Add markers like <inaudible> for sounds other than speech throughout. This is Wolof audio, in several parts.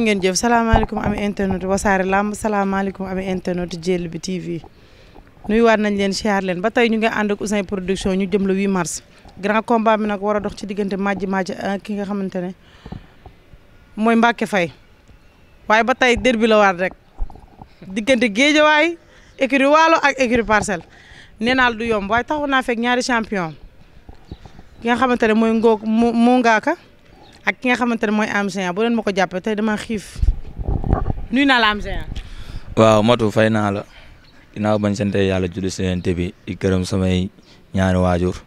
jërë ngeen jëf salaamaaleykum ami internet wasaare làmb salaamaaleykum ami internet Jël bi TV waar nañ leen siyaar leen ba tey ñu ngi ànd ak production ñu jëm le 8 mars grand combat nag war a dox ci diggante Madji Madji euh, ki nga xamante ne mooy Mbacke fay waaye ba tey derby la waat rek diggante Géejawaay écurie Waalo ak écurie Parcelles nee naa du yomb waaye taxu naa fekk ñaari champion ki nga xamante ne mooy ngook Mu Ngaaka ak ki nga xamante ne mooy Am Géant bu leen ma ko jàppee tey dama xiif nuyu naa la Am Géant. waaw Matu fay naa la ginnaaw bañ sant yàlla julli seenante bi di gërëm samay ñaari waajur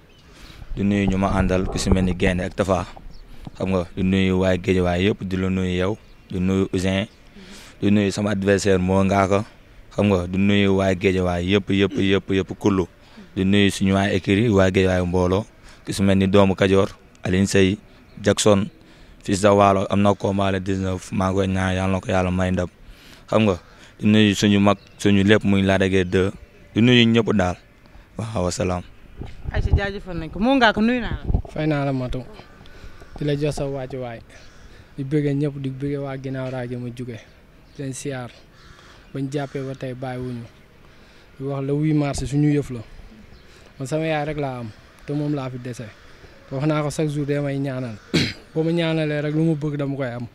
du nuyu ñu ma àndal ku si mel ni Gaynde ak Tafa xam nga du nuyu waay géej waay yëpp di la nuyu yow du nuy Ousin du nuyu sama adversaire moo ngaaka xam nga du nuyu waay géej waay yëpp yëpp yëpp yëpp kullu du nuyu suñu waay écrit waay géej waay mbooloo ku mel ni doomu Kajoor Aline say Jackson. si sa waalo am na combat le 19 maa ngi koy ñaan ko yàlla may ndam xam nga nu nuyu suñu mag suñu lépp muy la de Guiers 2 nuyu ñëpp daal waaw salaam. Aïcha jaajëfal nañ ko moo ngaa naa la. fay naa la matu di la jox sa waay di bëggee ñëpp di bëggee waa ginnaaw raage ma jóge di leen siyaar bañ jàppee ba tey bàyyiwuñu di wax la 8 mars suñu yëf la man sama yaay rek laa am te moom laa fi dese wax naa ko chaque jour day may ñaanal <clears throat> ba ma ñaanalee rek lu mu bëgg dama koy am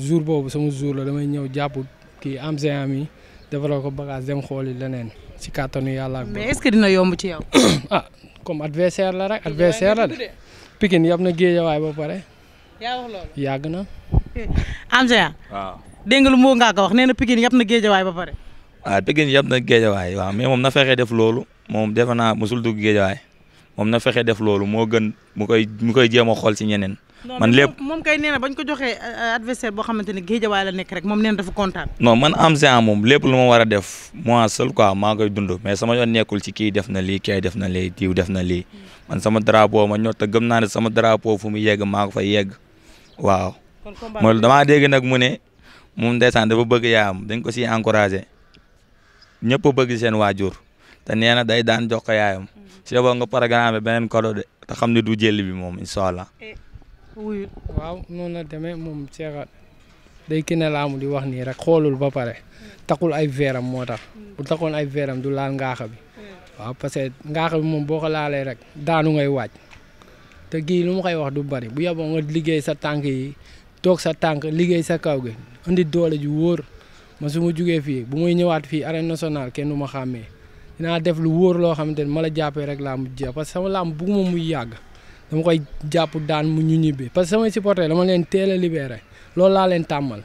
jour boobu sama jour la damay ñëw jàpp kii am am yi defaral ko bagage dem xooli leneen si kàttanu yàlla ak. mais ce que dina yomb ci yow. <coughs> ah comme adversaire la rek. adversaire la de Pikine yab na géejawaay ba pare. yaa wax loolu yàgg na. <laughs> Amsa. dégg nga lu moo ngaa wax nee na Pikine yab na géejawaay ba pare. waaw ah, Pikine yab na géejawaay waaw mais moom na fexe def loolu moom defe naa mosul dugg géejawaay moom na fexe def loolu moo gën mu koy mu koy jéem a xool si ñeneen. man lépp moom kay nee na bañ ko joxee euh, euh, adversaire boo xamante ne géejawaay la nekk rek moom nee na dafa kontaan. non man am géant moom lépp lu ma war a def moi seul quoi maa koy dund mais sama yoon nekkul ci kii def na lii kii def na lii diw def na lii man sama drapeau ma ñor te gëm naa ne sama drapeau fu mu yegg maa ko fa yegg waaw. mooy damaa dégg nag mu ne moom ndeysaan dafa bëgg yaayam dañ ko si encouragé ñëpp bëgg seen waajur te nee na day daan jox ko yaayam. Mm-hmm. si nga programme beneen kado de te xam ne du jël bi moom incha wuyul waaw noonu la demee moom ceexa day ki ne laamu di wax nii rek xoolul ba pare taxul ay veeram moo tax hmm. bu taxoon ay veeram du laal ngaaxa bi hmm. waaw parce que ngaaxa moom boo ko laalee rek daanu ngay waaj te gii lu mu koy wax du bari bu yeboo nga liggéey sa tànk yi toog sa tànk liggéey sa kaw gi indi doole ju wóor ma su ma jugee fii bu muy ñëwaat fii arène nationale kenn du ma xàmmee naa def lu wóor loo xamante ni ma la jàppee rek laa mu jeex parce sama làmb bugguma muy yàgg dama koy jàpp daan mu ñu ñibbi parce que samay supporter dama leen teel a libéré loolu laa leen tàmmal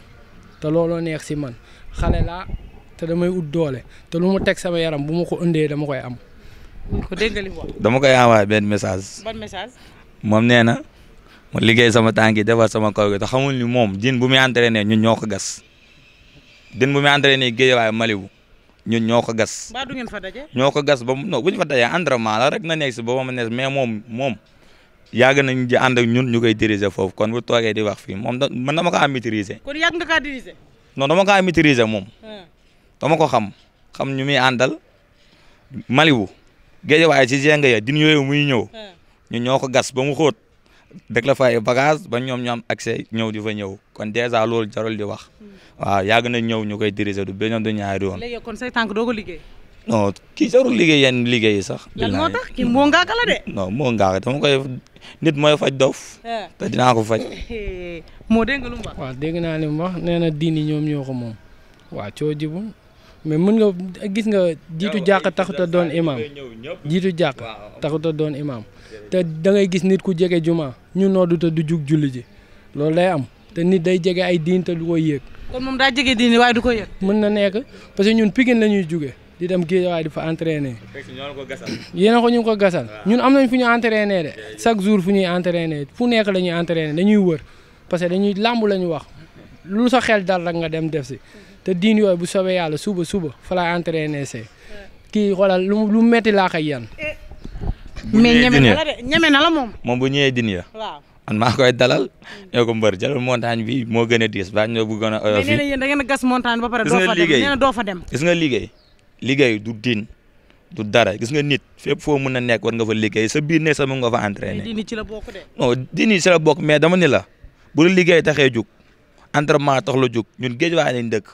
te looloo neex si man xale laa te damay ut doole te lu mu teg sama yaram bu mu ko ëndee dama koy am. ko dégg li dama koy envoyé benn message. ban message. moom nee na mu liggéey sama tànk yi defar sama kaw gi te xamul ni moom din bu muy entraîné ñun ñoo ko gas din bu muy entraîné Guédiawaye Malibu ñun ñoo ko gas. mbaa du ngeen fa ñoo ko gas ba mu non bu ñu fa dajee entraînement la rek na nekk si ba ma ne mais moom moom. yàgg nañ di ànd ak ñun ñu koy diriger foofu kon bu toogee di wax fii moom da man dama ko am maîtriser. kon yàgg nga kaa diriger. non dama ko am maîtriser moom. Ah. dama ko xam xam ñu muy àndal Malibu Guédiawaye ci jeng ya din yooyu muy ñëw. Ah. ñu ñoo ko gas ba mu xóot. dëgg la fa ay bagage ba ñoom ñu am accès ñëw di fa ñëw kon dèjà loolu jarul di wax. Hmm. waaw yàgg na ñëw ñu koy diriger du benn du ñaari yoon. léegi kon say tànk doo ko liggéey. non kii jarul liggéey yenn liggéey yi sax. lan moo tax kii moo ngaaka la de. non moo ngaaka dama koy nit mooy faj dof ah. te dinaa ko faj. <laughs> moo dégg lu mu wax. dégg naa li mu nee na diini ñoom ñoo ko moom waa coo jibu mais mën nga gis nga jiitu jàq taxuta doon imaam jiitu jàq taxuta doon imaam te da ngay gis nit ku jege ñun ñu noddu te du jug julli ji loolu day am te nit day jege ay diin te du koy yëg. kon moom daa jege diin waaye du ko yëg. mën na nekk parce que ñun Pikine la ñuy jugee. di dem géejawaay di fa entraîner. <coughs> yéena ko ñu ngi ko gasal. ñun am nañ fu ñu entraîner de chaque jour fu ñuy entraîner fu nekk la ñuy entraîner dañuy wër parce que dañuy làmb la ñu wax lu sa xel dal rek nga dem def si te diin yooyu bu soobee yàlla suba suba fa laay entraîner se kii xoolal lu lu metti laa koy yan. Eh. mais ñeme na moom. moom bu ñëwee din ya. waaw man maa koy dalal. ñoo ko mbër jëlal montagne bi moo gën a diis baa ñoo bëggoon a. oyof uh, na yéen gas montagne ba pare. fa dem gis nga liggéey. liggéey du diin du dara gis nga nit fépp foo mën a nekk war nga fa liggéey sa biir ne sa mën nga fa entraîné. diini ci la bokk de. non diini mais dama ni la bu la liggéey taxee jug entraînement tax la jug ñun géej waa lañ dëkk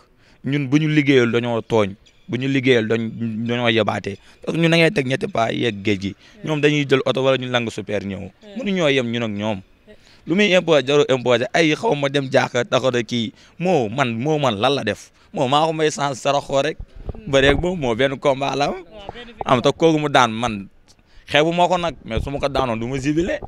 ñun bu ñu liggéeyul dañoo tooñ bu ñu liggéeyal dañ dañoo yebaatee parce que ñun da ngay teg ñetti pas yeeg géej gi ñoom dañuy jël oto wala ñu lang super ñëw mënuñoo yem ñun ak ñoom lu muy imposé jaru ay xaw ma dem jaaxle taxaw kii moo man moo man lan la def moo maa ko may sens bëreeg moom moo benn combat la am te mu daan man xeebu moo ko nag mais su ma ko daanoon du ma jibile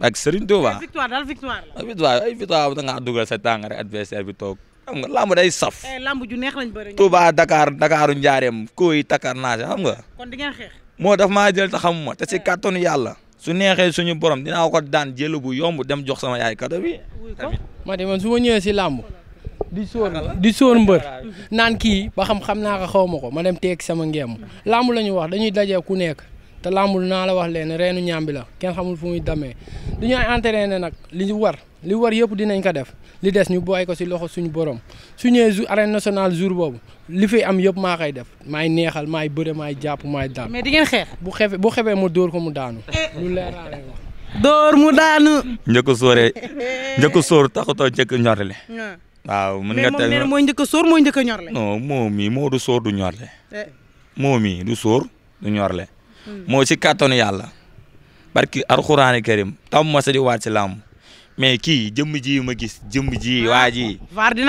ak Serigne Touba victoire daal victoire la victoire ay ngaa dugal sa tàng rek adversaire bi toog xam nga lamb day saf. Eh, lamb ju neex lañ bëri. Touba Dakar Dakaru Njaareem kooy takar naa xam nga. kon moo daf maa jël xamuma te si eh. kàttanu yàlla. su neexee suñu borom dinaa ko daan jëlu bu yomb dem jox sama yaay kado ma de man su ma si lamb di sóor di sóor mbër naan kii ba xam xam naa xaw ma ko ma dem teeg sama ngeem làmb la ñu wax dañuy daje ku nekk te làmbul naa la wax leen reenu ñaambi la kenn xamul fu muy demee du ñu ne nag li war li war yëpp dinañ ko def li des ñu booy ko si loxo suñu borom suñu ñëwee jour arène nationale jour boobu li fi am yëpp maa koy def maay neexal maay bëre maay jàpp maay daan. di ngeen xeex. bu xefe bu xefee ma dóor ko mu daanu. lu leer laa lay wax. dóor mu daanu. njëkk sooree njëkk soor taxutoo njëkk ñorale. Ah. aw mën nga tey mais moom mooy njëkk a sóor mooy njëkk a ñorle. moo mii moo du sóor du ñorle. Eh. moo mii du sóor du hmm. barki alxuraani karim tam ma di waat si làmb mais kii jëmm ji ma gis jëmm ji ah, waa ji. vaar de.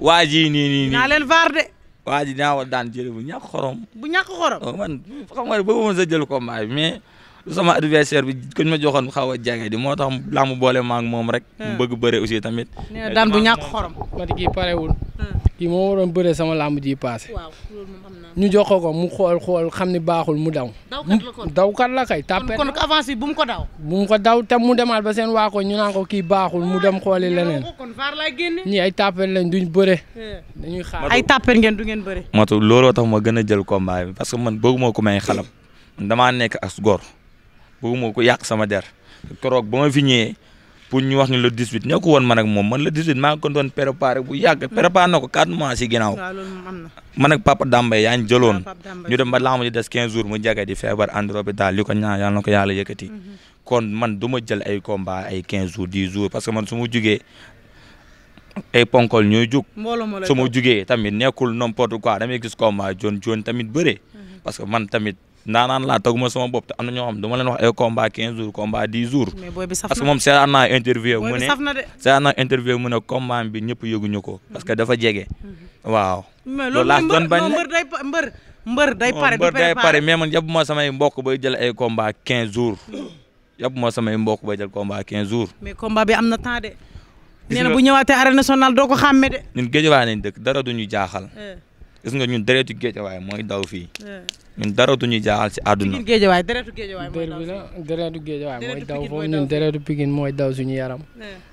waa ji nii nii nii naa leen vaar de. waa ji dinaa war bu ñàkk xorom. bu ñàkk xorom. Oh, man xam nga bëggoon sa jël combat sama adversaire bi kuñ ma joxoon xaw a jànge di moo tax làmb boole ma moom rek. mu hmm. bëgg bëre aussi tamit. nee daan bu ñàkk hmm. xorom. man kii parewul. Hmm. kii moo waroon bëree sama làmb ji paase. waaw ñu jox ko ko mu xool xool xam ni baaxul mu daw. dawkat la ko dawkat la kay. tàppee kon kon avance bu mu ko daw. bu mu ko daw tam mu demaat ba seen waa ñu naan ko kii baaxul mu dem xooli leneen. kon vaar lay génne. ñii ay tàppee lañ duñ bëre. dañuy xaar ay tàppee ngeen du ngeen bëre. matu looloo tax ma gën a jël combat bi parce que man bëgguma ko may xalam damaa nekk as góor bëgguma ko yàq sama der keroog ba ma fi ñëwee pour ñu wax ni le 18 ñoo woon man ak moom man le 18 maa ngi ko doon préparé bu yàgg hmm. préparé na ko 4 si ginnaaw man ak papa Dambay yaa ngi jëloon ñu dem ba laamu ji des 15 jours mu jaga di feebar andro bi daal li ko ñaan yàlla na ko hmm. kon man du ma jël ay combat ay 15 jours 10 jours parce que man su ma jugee ay ponkol ñooy jug su ma jugee tamit nekkul n'importe quoi damay gis komba jon jon tamit bëre hmm. parce man tamit ndaanaan laa taguma sama bopp te am na ñoo xam dama leen wax ay combat 15 jours combat 10 jours. bi saf na parce que moom seetaan naa interview. mu ne seetaan naa interview mu ne ko. parce que dafa jege. Mhm. waaw. loolu laa doon bañ mbër day mbër. mbër day pare mbër day pare mais man mbokk bay jël ay combat 15 jours. Mm. yabuma samay mbokk bay jël komba 15 jours. mais combat bi am na temps de. nee na bu ñëwaatee arène nationale doo ko xàmme de. ñun géej waa nañ dëkk dara duñu jaaxal. Eh. gis nga ñun deretu géejawaay mooy daw fii. ñun dara du ñu jaaxal si àdduna. géejawaay deretu géejawaay mooy daw deretu mooy daw foofu ñun deretu pikin mooy daw ñu yaram.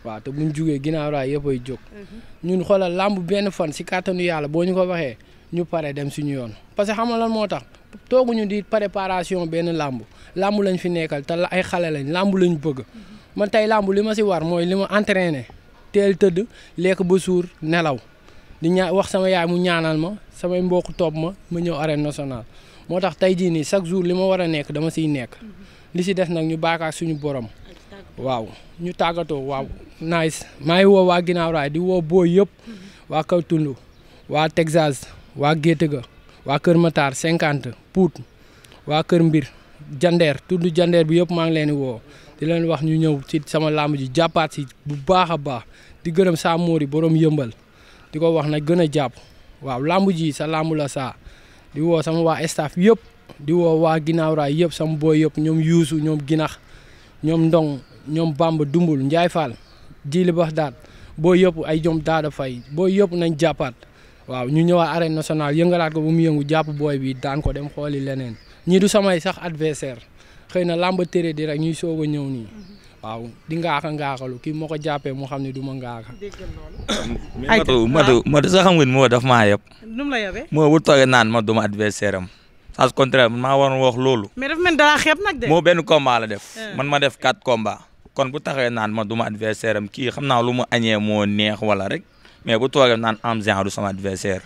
waaw te buñ jugee ginnaaw raay yëpp jóg. Mhm. ñun xoolal làmb benn fan si kàttanu yàlla boo ñu ko waxee ñu pare dem suñu yoon parce que xam nga lan moo tax toogu ñu di préparation benn làmb làmb lañ fi nekkal te ay xale lañ làmb lañu bëgg. Mhm. man tey làmb li ma si war mooy li ma entraîné teel tëdd lekk ba suur nelaw di ñaa wax sama yaay mu ñaanal samay mbokk topp ma ma ñëw arène nationale moo tax tey jii nii chaque jour li ma war a nekk dama siy nekk mhm. li si des nag ñu baakaar suñu borom waaw ñu tàggatoo waaw nice maa ngi woo waa ginnaaw raay di woo booy yëpp mhm. waa kaw tund waa Texas waa ga waa Kër mataar cinquante Pout waa Kër Mbir jandeer tund jandeer bi yëpp maa ngi leen di woo di leen wax ñu ñëw ci sama làmb ji jàppaat si bu baax a baax di gërëm saa moori borom yëmbal di ko wax nag gën a jàpp waaw làmb ji sa làmbu la saa di woo sama waa staff yëpp di woo waa ginnaaw raay yëpp sama booy yëpp ñoom yuusu ñoom ginax ñoom ndong ñoom bamba dumbul njaay faal jili bax daat boo yëpp ay ñoom daada fay boo yëpp nañ jàppaat waaw ñu ñëwaat arène nationale yëngalaat ko bu mu yëngu jàpp booy bi daan ko dem xooli leneen ñii du samay sax adversaire xëy na làmb téré di rek ñuy soow a ñëw nii waaw di ngaaka ngaakalu kii moo ko jàppee mu xam ne du ma ngaaka. matu matu matu sax xam nga moo def maa yeb. nu la yebee. moo bu toogee naan ma duma adversaire am. au contraire man maa waroon wax loolu. mais dafa mel dara xeeb nag moo benn combat la def. Ah. man ma def quatre combat kon bu taxee naan ma duma adversaire am kii xam naa lu mu añee moo neex wala rek mais bu toogee naan am genre du sama adversaire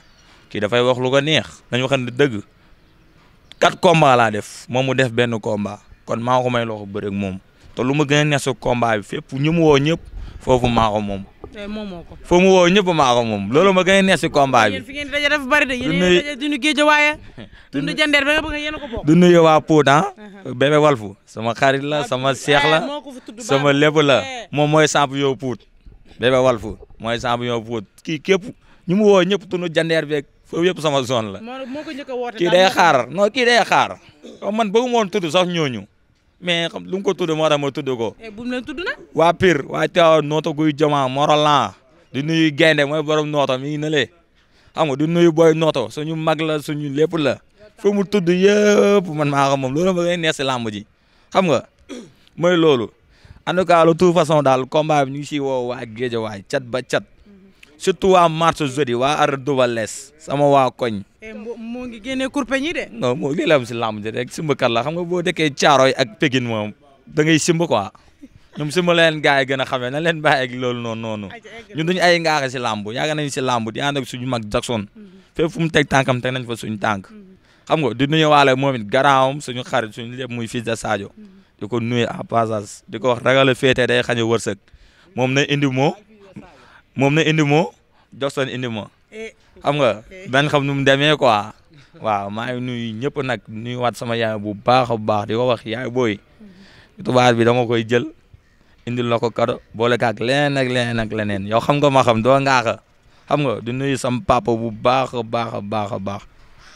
kii dafay wax lu ko neex dañu waxante dëgg. quatre combat laa def moom mu def benn komba kon maa ko may loxo bëri moom. te lu ma gën a neex ñu mu woo ñëpp foofu maa ko moom. moomoo ko foo mu woo ñëpp maa ko moom loolu ma gën a neex si combat bi. fi ngeen daje dafa bari de yéen duñu géej waaye. <laughs> duñu jandeer ba nga bëgg yéen a ko bokk. du nuyu waa Poudan. <laughs> Uh-huh. Bébé Walfu sama xarit la sama seex la eh, sama lépp la eh. moom mooy samp yow puut Bébé Walfu mooy samp yow kii képp ñu mu woo ñëpp duñu jandeer beeg foofu yëpp sama zone la. kii day xaar non kii day xaar man bëggu ma woon tudd sax ñooñu. mais xam lu mu ko tudd moo tax ma tudd ko. Eh, bu mu leen tudd nag. waa Pire waa Thiaw noota guy joma Morolan di nuyu gaynde mooy borom noota mi ngi ne lee xam nga di nuyu booy noota suñu mag la suñu lépp la fu mu tudd yëpp maa xam moom loolu ma ngay nees si làmb ji xam nga mooy loolu en tout cas de toute façon daal combat ñu ngi siy woo waa Géejawaay cat ba cat. surtout waa mars jeudi waa ar Double Less sama waa koñ. Eh, moo ngi génnee kurpeñ ñi de. non moo ngi am si làmb ji rek simbakat la xam nga boo dëkkee Caaroy ak Pekin moom da ngay simb quoi ñoom simba la leen gars yi gën a xamee na leen bàyyi ak loolu noonu noonu ñun duñu ay ngaaxe si làmb yàgg nañ si làmb di ànd ak suñu mag Jackson mhm. fépp fu mu teg tànkam teg nañ fa suñu tànk mhm. xam nga di nuyuwaale moom it garaawam suñu xarit suñu lépp muy fils de Sadio mhm. di ko en passage di ko wax ragal a féetee day xañ moom na indi moo moom na indi moo Jackson indi ma eh. xam nga eh. benn xam nu mu demee quoi waaw maa ngi nuyu ñëpp nag nuyu sama yaay bu baax a baax di ko wax yaay booy mm-hmm. tubaab bi dama koy jël indi la ko kado boole kaak leneen ak leneen ak leneen yow xam nga ma xam doo ngaaxa xam nga di nuyu sam papa bu baax a baax a baax a baax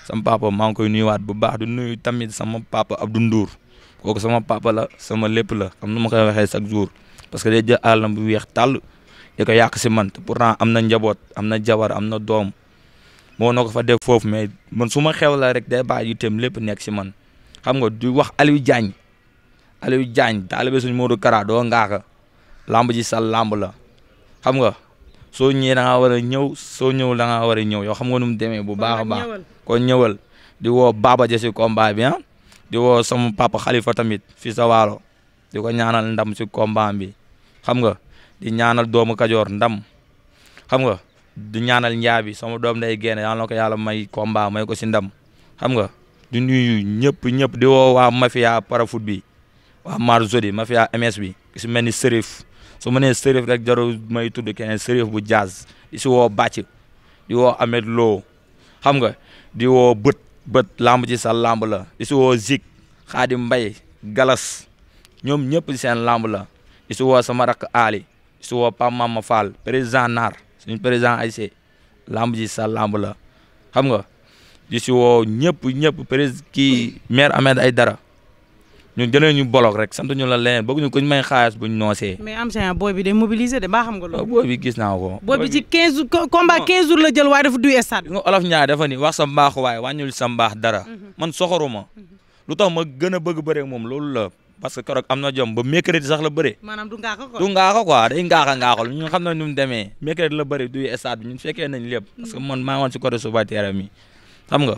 sam papa maa ngi koy nuyuwaat bu baax di nuyu tamit sama papa Abdou Ndour kooku sama papa la sama lépp la xam nu ma koy waxee chaque jour parce que day jël àllam bu weex tàll di yàq si man pourtant am na njaboot am na jabar am na doom moo na ko fa def foofu mais man su ma xew la rek day bàyyi itam lépp nekk si man xam nga du wax Aliou Diagne Aliou Diagne taalibe suñ Modou Kara doo ngaaka lamb ji sal lamb la xam nga soo ñëwee da ngaa war ñëw soo ñëwul da ngaa war a ñëw yow xam nga nu demee bu baax a baax kon ñëwal di woo Baba Dia si combat bi ah di woo sama papa Khalifa tamit fi sa waalo di ko ñaanal ndam si combat bi xam nga di ñaanal doomu kajoor ndam xam nga di ñaanal njaabi soma doom day génne yàlla na ko yàlla may komba may ko si ndam xam nga di nuyu ñëpp ñëpp di woo waa mafia parafoot bi waa Marzodi mafia MS bi si mel ni Serif su ma nee Serif rek jarul may tudd keneen Serif bu jazz di si woo bàcc di woo Ahmed Lo xam nga di woo bët bët lamb ci sa lamb la di si woo Zik Xaadim Mbay Galas ñoom ñëpp seen lamb la di si woo sama rakk Ali si woo Pape Mama Fall président naar suñu président AIC lamb ji sa lamb la xam nga di si woo ñëpp ñëpp président kii maire Ahmed Aïdara ñun jëlee ñu bolok rek sant ñu la leneen bëgg ñu ko ñu may xaalis bu ñu noosee. mais am sa booy bi day de baa xam nga loolu. Ah, gis naa ko. booy bi ci 15 jours combat 15 la jël waaye dafa duy stade. nga olof ñaar dafa ni wax sa mbaax waaye wàññul sa mbaax dara. Mhm. man soxoruma mhm. lu tax ma gën a bëgg bëre moom loolu la. parce que keroog am na jom ba mercredi sax la bëre. maanaam du ngaaxa quoi du ngaaxa quoi day ngaaxa ngaaxal ñun xam na nu mu demee mercredi la bëre du stade bi ñun fekkee nañ lépp. parce que mm. man maa woon si côté subateera mi xam nga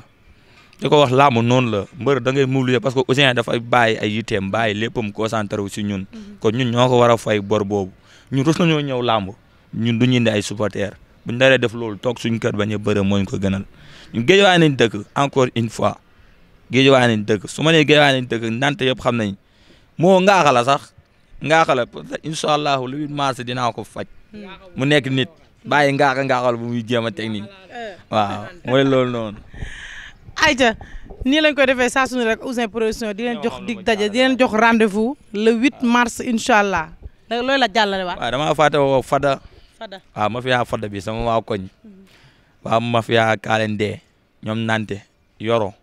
di ko wax laamu noonu la mbër da ngay mobiliser parce que Ouzin dafay bàyyi ay yitteem bàyyi léppam concentré wu si ñun. Mm-hmm. kon ñun ñoo ko war a fay bor boobu ñun rus nañoo ñëw làmb ñun du ñu indi ay supporters buñ daree def loolu toog suñ kër bañ a bëre moo ñu ko gënal ñun géejewaay nañ dëkk encore une fois géejewaay nañ dëkk su ma nee géejewaay nañ dëkk ndante yëpp xam nañ moo ngaaxala sax ngaaxala incha allahu mars dinaa ko faj mu nekk nit bàyyi ngaaxa ngaaxal bu muy jéem a technique waaw mooy loolu noonu. ayca nii lañ koy defee saa su ne rek Ouzin Production di leen jox dig daje di leen le 8 mars incha allah loolu la jàllale waat. waaw damaa Fada. Fada Fada bi sama waa koñ. waaw Kalende ñoom Nante Yoro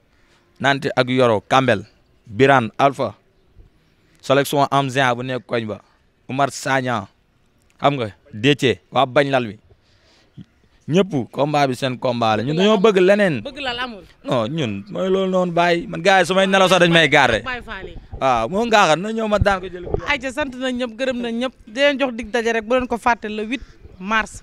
Nante ak Yoro Kambel Birane Alpha. sélection Amzin bu nekk koñ ba Umar Sagna xam nga Déthié waa bañ lal bi ñëpp combat bi seen combat la ñun dañoo bëgg leneen. bëgg lal amul. non ñun mooy loolu noonu bàyyi man gars yi su may nelaw sax dañ may garre waaw moo ngaaxal na ñëw ma daan ko jël. ayca sant nañ ñëpp gërëm nañ ñëpp di leen jox dig daje rek ko fàtte le 8 mars.